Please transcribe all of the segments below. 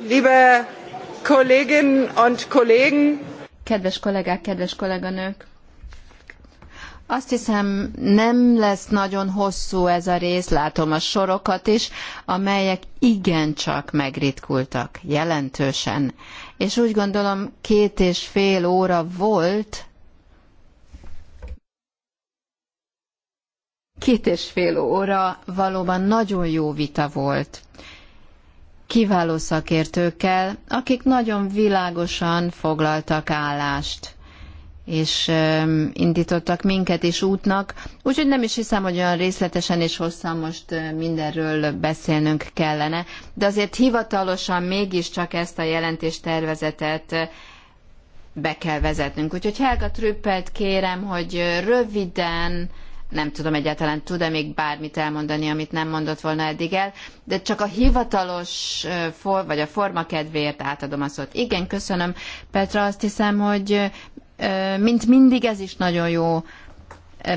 Liebe Kolleginnen und Kollegen! Kedves kollégák, kedves kolléganők! Azt hiszem, nem lesz nagyon hosszú ez a rész, látom a sorokat is, amelyek igencsak megritkultak, jelentősen. És úgy gondolom, két és fél óra volt, két és fél óra valóban nagyon jó vita volt kiváló szakértőkkel, akik nagyon világosan foglaltak állást és indítottak minket is útnak, úgyhogy nem is hiszem, hogy olyan részletesen és hosszan most mindenről beszélnünk kellene, de azért hivatalosan mégiscsak ezt a jelentéstervezetet be kell vezetnünk. Úgyhogy Helga Trüppelt kérem, hogy röviden, nem tudom egyáltalán tud-e még bármit elmondani, amit nem mondott volna eddig el, de csak a hivatalos for, vagy a forma kedvéért átadom a szót. Igen, köszönöm. Petra, azt hiszem, hogy mint mindig ez is nagyon jó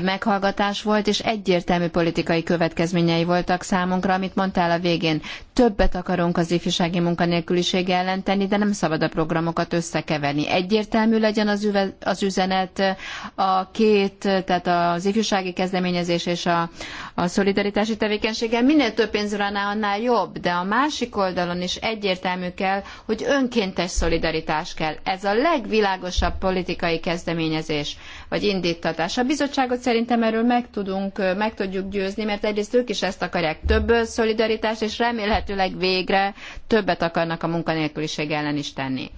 meghallgatás volt, és egyértelmű politikai következményei voltak számunkra, amit mondtál a végén. Többet akarunk az ifjúsági munkanélküliség ellen tenni, de nem szabad a programokat összekeverni. Egyértelmű legyen az, üve, az üzenet a két, tehát az ifjúsági kezdeményezés és a, a szolidaritási tevékenységgel. Minél több pénz van, annál jobb, de a másik oldalon is egyértelmű kell, hogy önkéntes szolidaritás kell. Ez a legvilágosabb politikai kezdeményezés vagy indítatás. A bizottságot szerintem erről meg, tudunk, meg tudjuk győzni, mert egyrészt ők is ezt akarják, több szolidaritást, és remélhetőleg végre többet akarnak a munkanélküliség ellen is tenni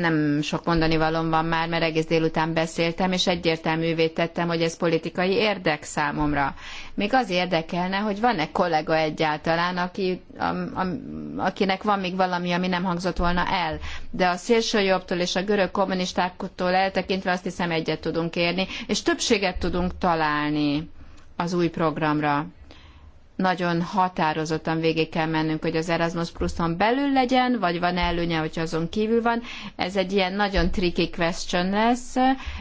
nem sok mondani valom van már, mert egész délután beszéltem, és egyértelművé tettem, hogy ez politikai érdek számomra. Még az érdekelne, hogy van-e kollega egyáltalán, aki, a, a, akinek van még valami, ami nem hangzott volna el. De a szélsőjobbtól és a görög kommunistáktól eltekintve azt hiszem egyet tudunk érni, és többséget tudunk találni az új programra nagyon határozottan végig kell mennünk, hogy az Erasmus Pluson belül legyen, vagy van -e előnye, hogy azon kívül van. Ez egy ilyen nagyon tricky question lesz.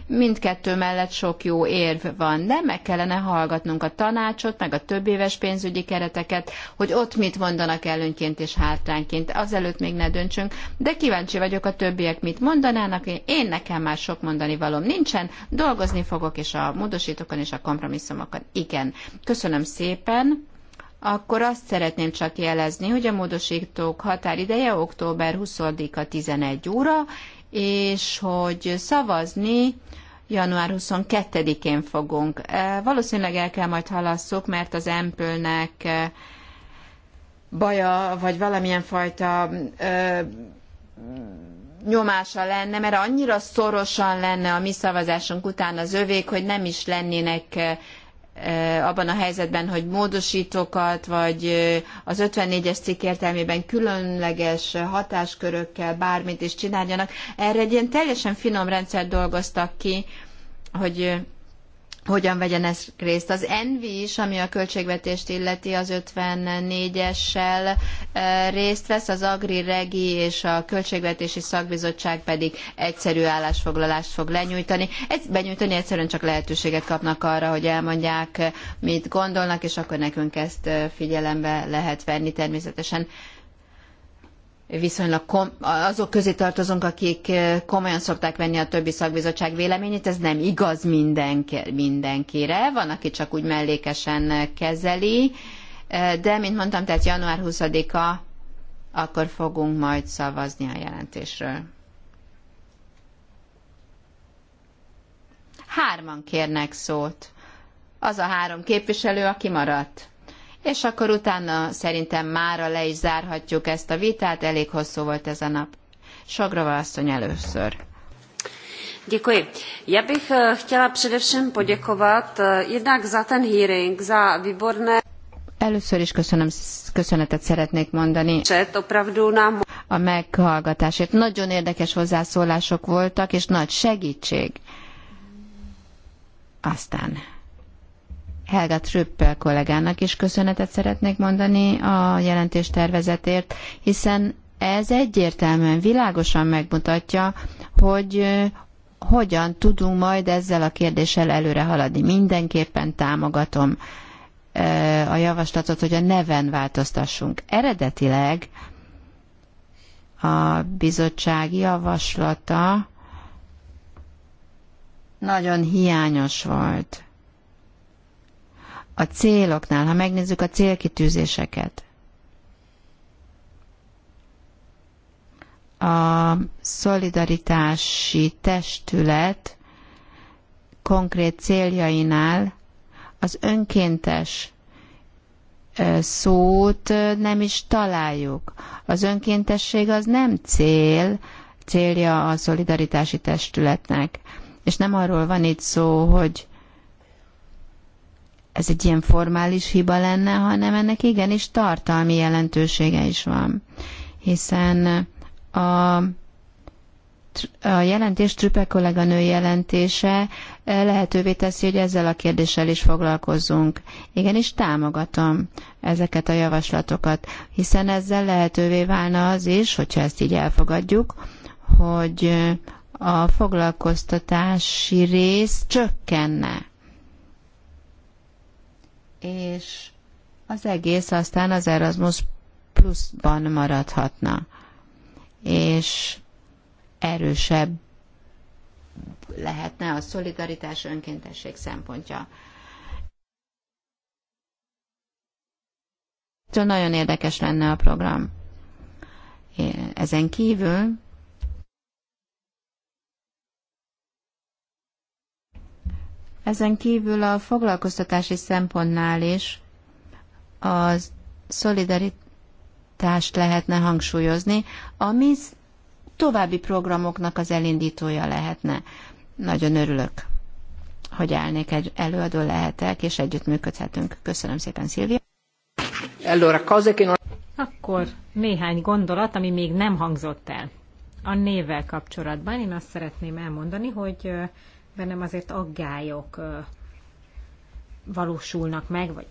Mindkettő mellett sok jó érv van, de meg kellene hallgatnunk a tanácsot, meg a több éves pénzügyi kereteket, hogy ott mit mondanak előnyként és hátrányként. Azelőtt még ne döntsünk, de kíváncsi vagyok a többiek mit mondanának. Én nekem már sok mondani valom nincsen, dolgozni fogok, és a módosítókon és a kompromisszumokon igen. Köszönöm szépen akkor azt szeretném csak jelezni, hogy a módosítók határideje október 20-a 11 óra, és hogy szavazni január 22-én fogunk. E, valószínűleg el kell majd halasszuk, mert az Empőnek e, baja, vagy valamilyen fajta ö, e, nyomása lenne, mert annyira szorosan lenne a mi szavazásunk után az övék, hogy nem is lennének E, abban a helyzetben, hogy módosítókat, vagy e, az 54-es cikk értelmében különleges hatáskörökkel bármit is csináljanak. Erre egy ilyen teljesen finom rendszer dolgoztak ki, hogy hogyan vegyen ezt részt. Az Envi is, ami a költségvetést illeti, az 54-essel eh, részt vesz, az Agri, Regi és a Költségvetési Szakbizottság pedig egyszerű állásfoglalást fog lenyújtani. Ez, benyújtani egyszerűen csak lehetőséget kapnak arra, hogy elmondják, eh, mit gondolnak, és akkor nekünk ezt eh, figyelembe lehet venni természetesen viszonylag kom, azok közé tartozunk, akik eh, komolyan szokták venni a többi szakbizottság véleményét, ez nem igaz mindenki, mindenkire, van, aki csak úgy mellékesen eh, kezeli, eh, de, mint mondtam, tehát január 20-a, akkor fogunk majd szavazni a jelentésről. Hárman kérnek szót. Az a három képviselő, aki maradt és akkor utána szerintem mára le is zárhatjuk ezt a vitát, elég hosszú volt ez a nap. Sogrova asszony először. Děkuji. Já bych eh, chtěla především poděkovat eh, jednak za ten hearing, za výborné... Először is köszönöm, köszönetet szeretnék mondani. A meghallgatásért nagyon érdekes hozzászólások voltak, és nagy segítség. Aztán Helga Trüppel kollégának is köszönetet szeretnék mondani a jelentés tervezetért, hiszen ez egyértelműen világosan megmutatja, hogy hogyan tudunk majd ezzel a kérdéssel előre haladni. Mindenképpen támogatom a javaslatot, hogy a neven változtassunk. Eredetileg a bizottság javaslata nagyon hiányos volt a céloknál, ha megnézzük a célkitűzéseket, a szolidaritási testület konkrét céljainál az önkéntes szót nem is találjuk. Az önkéntesség az nem cél, célja a szolidaritási testületnek. És nem arról van itt szó, hogy ez egy ilyen formális hiba lenne, hanem ennek igenis tartalmi jelentősége is van. Hiszen a a jelentés, Trüpe nő jelentése eh, lehetővé teszi, hogy ezzel a kérdéssel is foglalkozzunk. Igenis támogatom ezeket a javaslatokat, hiszen ezzel lehetővé válna az is, hogyha ezt így elfogadjuk, hogy a foglalkoztatási rész csökkenne és az egész aztán az Erasmus pluszban maradhatna, és erősebb lehetne a szolidaritás önkéntesség szempontja. Nagyon érdekes lenne a program. Ezen kívül Ezen kívül a foglalkoztatási szempontnál is a szolidaritást lehetne hangsúlyozni, ami további programoknak az elindítója lehetne. Nagyon örülök, hogy elnék egy előadó lehetek, és együttműködhetünk. Köszönöm szépen, Szilvia. Akkor néhány gondolat, ami még nem hangzott el. A névvel kapcsolatban én azt szeretném elmondani, hogy bennem azért aggályok valósulnak meg, vagy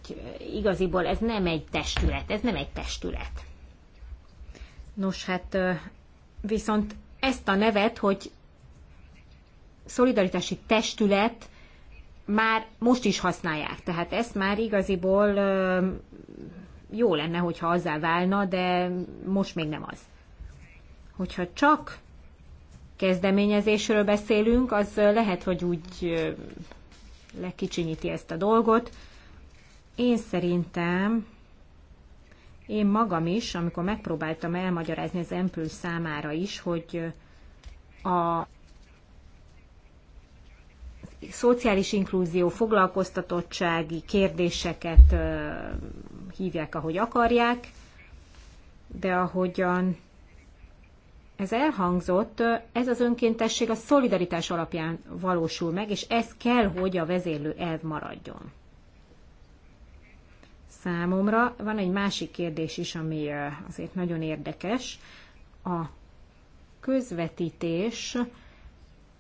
igaziból ez nem egy testület, ez nem egy testület. Nos, hát viszont ezt a nevet, hogy szolidaritási testület már most is használják. Tehát ezt már igaziból jó lenne, hogyha azzá válna, de most még nem az. Hogyha csak kezdeményezésről beszélünk, az lehet, hogy úgy lekicsinyíti ezt a dolgot. Én szerintem én magam is, amikor megpróbáltam elmagyarázni az empő számára is, hogy a szociális inkluzió, foglalkoztatottsági kérdéseket hívják, ahogy akarják, de ahogyan ez elhangzott, ez az önkéntesség a szolidaritás alapján valósul meg, és ez kell, hogy a vezérlő elv maradjon. Számomra van egy másik kérdés is, ami azért nagyon érdekes. A közvetítés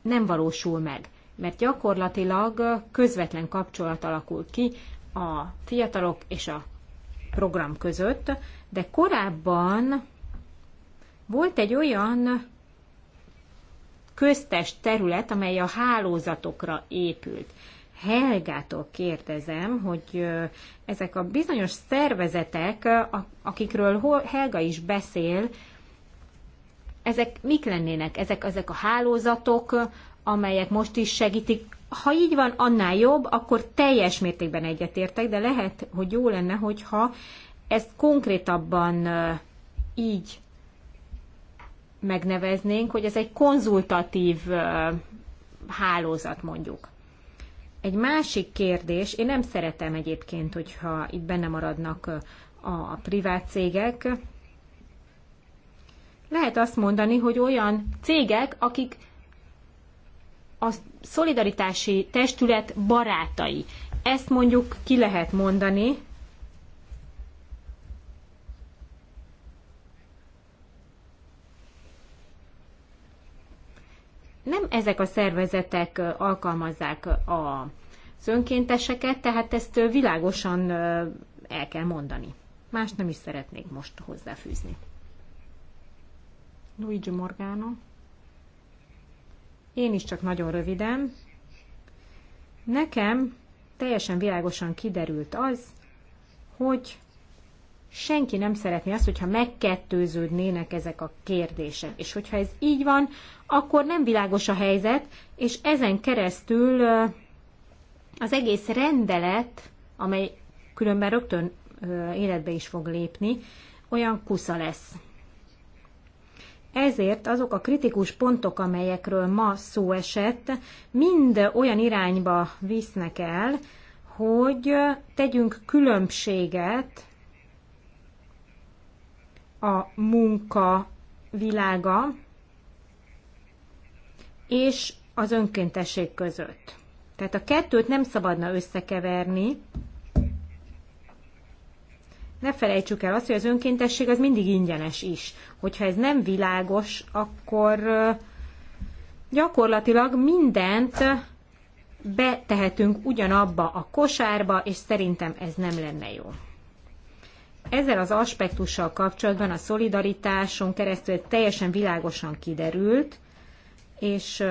nem valósul meg, mert gyakorlatilag közvetlen kapcsolat alakul ki a fiatalok és a program között, de korábban volt egy olyan köztes terület, amely a hálózatokra épült. Helgától kérdezem, hogy ezek a bizonyos szervezetek, akikről Helga is beszél, ezek mik lennének? Ezek, ezek a hálózatok, amelyek most is segítik. Ha így van, annál jobb, akkor teljes mértékben egyetértek, de lehet, hogy jó lenne, hogyha ezt konkrétabban így megneveznénk, hogy ez egy konzultatív hálózat mondjuk. Egy másik kérdés, én nem szeretem egyébként, hogyha itt benne maradnak a privát cégek. Lehet azt mondani, hogy olyan cégek, akik a szolidaritási testület barátai. Ezt mondjuk ki lehet mondani, nem ezek a szervezetek alkalmazzák a önkénteseket, tehát ezt világosan el kell mondani. Más nem is szeretnék most hozzáfűzni. Luigi Morgano. Én is csak nagyon röviden. Nekem teljesen világosan kiderült az, hogy senki nem szeretné azt, hogyha megkettőződnének ezek a kérdések. És hogyha ez így van, akkor nem világos a helyzet, és ezen keresztül az egész rendelet, amely különben rögtön életbe is fog lépni, olyan kusza lesz. Ezért azok a kritikus pontok, amelyekről ma szó esett, mind olyan irányba visznek el, hogy tegyünk különbséget a munka világa és az önkéntesség között. Tehát a kettőt nem szabadna összekeverni. Ne felejtsük el azt, hogy az önkéntesség az mindig ingyenes is. Hogyha ez nem világos, akkor gyakorlatilag mindent betehetünk ugyanabba a kosárba, és szerintem ez nem lenne jó. Ezzel az aspektussal kapcsolatban a szolidaritáson keresztül teljesen világosan kiderült, és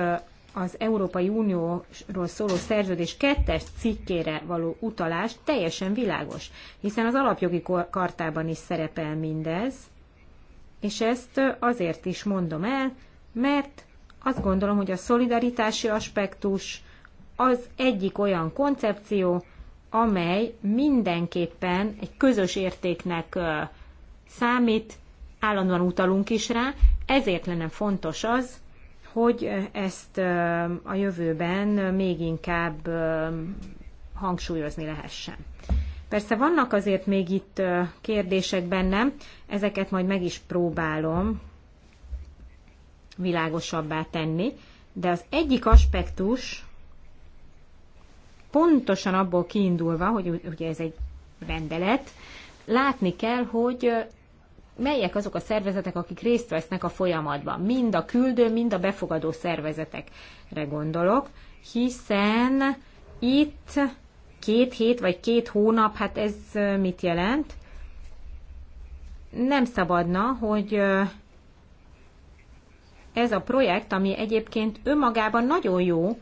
az Európai Unióról szóló szerződés kettes cikkére való utalás teljesen világos, hiszen az alapjogi kartában is szerepel mindez, és ezt azért is mondom el, mert azt gondolom, hogy a szolidaritási aspektus az egyik olyan koncepció, amely mindenképpen egy közös értéknek számít, állandóan utalunk is rá, ezért lenne fontos az, hogy ezt a jövőben még inkább hangsúlyozni lehessen. Persze vannak azért még itt kérdések bennem, ezeket majd meg is próbálom világosabbá tenni, de az egyik aspektus, pontosan abból kiindulva, hogy ugye ez egy rendelet, látni kell, hogy melyek azok a szervezetek, akik részt vesznek a folyamatban. Mind a küldő, mind a befogadó szervezetekre gondolok, hiszen itt két hét vagy két hónap, hát ez mit jelent? Nem szabadna, hogy ez a projekt, ami egyébként önmagában nagyon jó,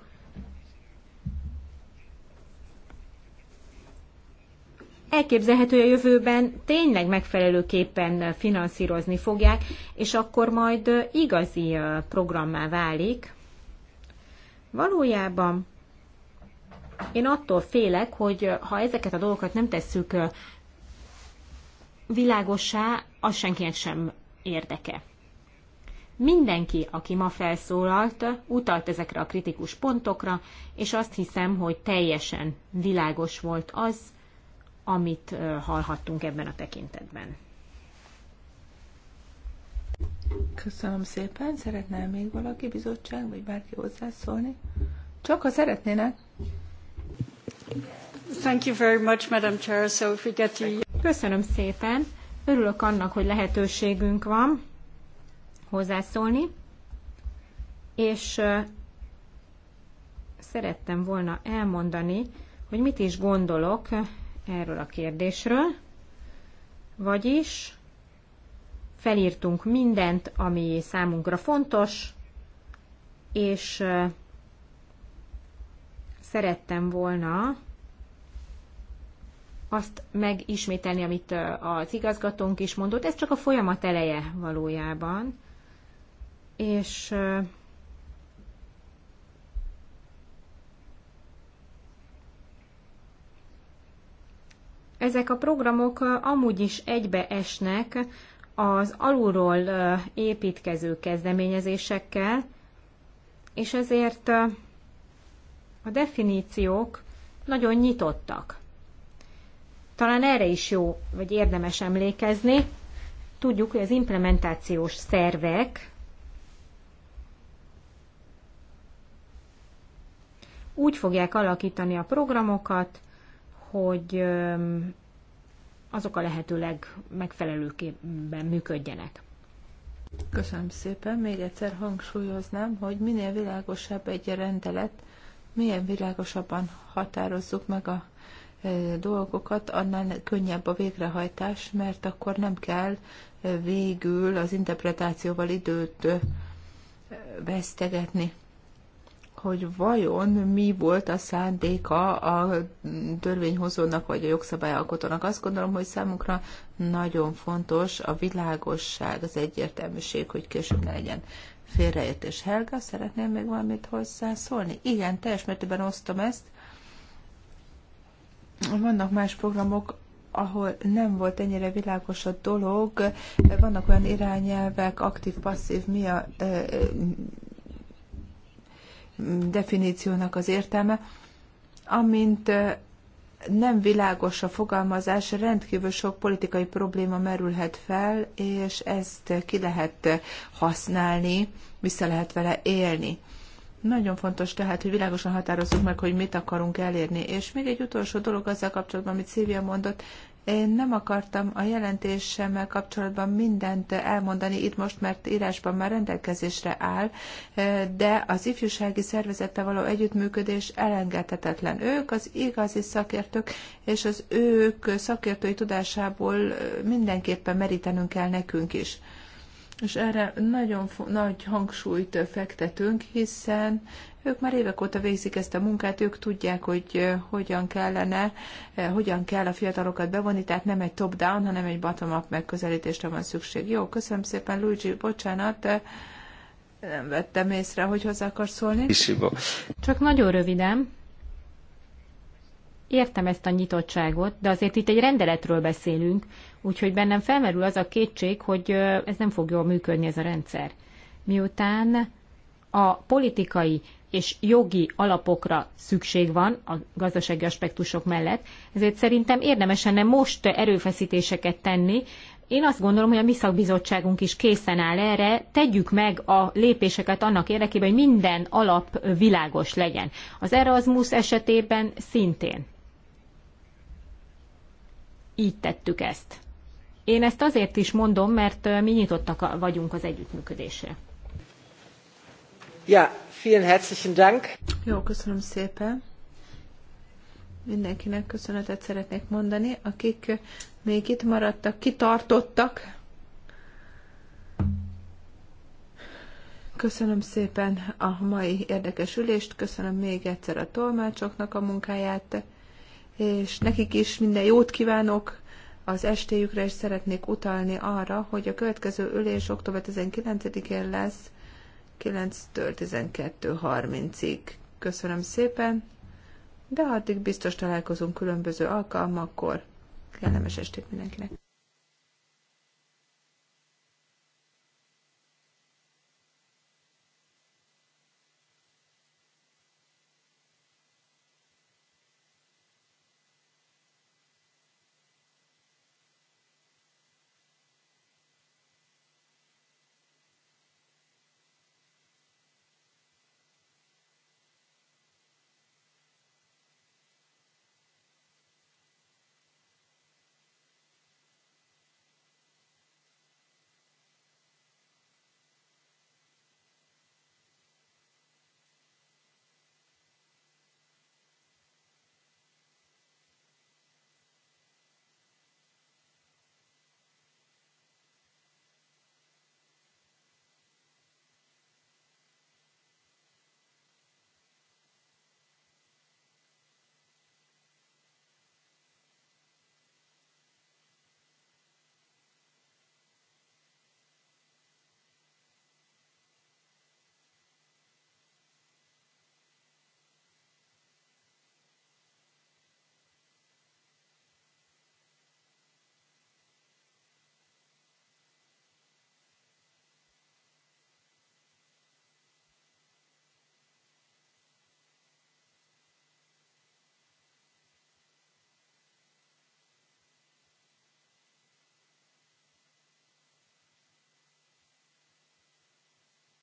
elképzelhető, hogy a jövőben tényleg megfelelőképpen finanszírozni fogják, és akkor majd igazi programmá válik. Valójában én attól félek, hogy ha ezeket a dolgokat nem tesszük világossá, az senkinek sem érdeke. Mindenki, aki ma felszólalt, utalt ezekre a kritikus pontokra, és azt hiszem, hogy teljesen világos volt az, amit hallhattunk ebben a tekintetben. Köszönöm szépen. Szeretne még valaki bizottság, vagy bárki hozzászólni? Csak ha szeretnének. Thank you very much, Madam Chair. So if we get to... Köszönöm szépen. Örülök annak, hogy lehetőségünk van hozzászólni. És szerettem volna elmondani, hogy mit is gondolok erről a kérdésről, vagyis felírtunk mindent, ami számunkra fontos, és szerettem volna azt megismételni, amit az igazgatónk is mondott. Ez csak a folyamat eleje valójában. És ezek a programok amúgy is egybeesnek az alulról építkező kezdeményezésekkel, és ezért a definíciók nagyon nyitottak. Talán erre is jó, vagy érdemes emlékezni. Tudjuk, hogy az implementációs szervek úgy fogják alakítani a programokat, hogy azok a lehetőleg megfelelőképpen működjenek. Köszönöm szépen. Még egyszer hangsúlyoznám, hogy minél világosabb egy rendelet, milyen világosabban határozzuk meg a dolgokat, annál könnyebb a végrehajtás, mert akkor nem kell végül az interpretációval időt vesztegetni hogy vajon mi volt a szándéka a törvényhozónak vagy a jogszabályalkotónak. Azt gondolom, hogy számunkra nagyon fontos a világosság, az egyértelműség, hogy később ne legyen félreértés. Helga, szeretném még valamit hozzászólni? Igen, teljes mértében osztom ezt. Vannak más programok, ahol nem volt ennyire világos a dolog, vannak olyan irányelvek, aktív-passzív, mi a definíciónak az értelme, amint nem világos a fogalmazás, rendkívül sok politikai probléma merülhet fel, és ezt ki lehet használni, vissza lehet vele élni. Nagyon fontos tehát, hogy világosan határozzuk meg, hogy mit akarunk elérni. És még egy utolsó dolog azzal kapcsolatban, amit Szívia mondott, én nem akartam a jelentésemmel kapcsolatban mindent elmondani itt most, mert írásban már rendelkezésre áll, de az ifjúsági szervezettel való együttműködés elengedhetetlen. Ők az igazi szakértők, és az ők szakértői tudásából mindenképpen merítenünk kell nekünk is. És erre nagyon nagy hangsúlyt fektetünk, hiszen ők már évek óta végzik ezt a munkát, ők tudják, hogy hogyan kellene, hogyan kell a fiatalokat bevonni, tehát nem egy top-down, hanem egy bottom-up megközelítésre van szükség. Jó, köszönöm szépen, Luigi, bocsánat, nem vettem észre, hogy hozzá akarsz szólni. Csak nagyon röviden, Értem ezt a nyitottságot, de azért itt egy rendeletről beszélünk, úgyhogy bennem felmerül az a kétség, hogy ez nem fog jól működni ez a rendszer. Miután a politikai és jogi alapokra szükség van a gazdasági aspektusok mellett, ezért szerintem érdemes lenne most erőfeszítéseket tenni. Én azt gondolom, hogy a mi szakbizottságunk is készen áll erre, tegyük meg a lépéseket annak érdekében, hogy minden alap világos legyen. Az Erasmus esetében szintén így tettük ezt. Én ezt azért is mondom, mert mi nyitottak vagyunk az együttműködésre. Ja, vielen herzlichen Dank. Jó, köszönöm szépen. Mindenkinek köszönetet szeretnék mondani, akik még itt maradtak, kitartottak. Köszönöm szépen a mai érdekes ülést, köszönöm még egyszer a tolmácsoknak a munkáját és nekik is minden jót kívánok az estéjükre, és szeretnék utalni arra, hogy a következő ülés október 19-én lesz 9-től 12.30-ig. Köszönöm szépen, de addig biztos találkozunk különböző alkalmakkor. Kellemes estét mindenkinek!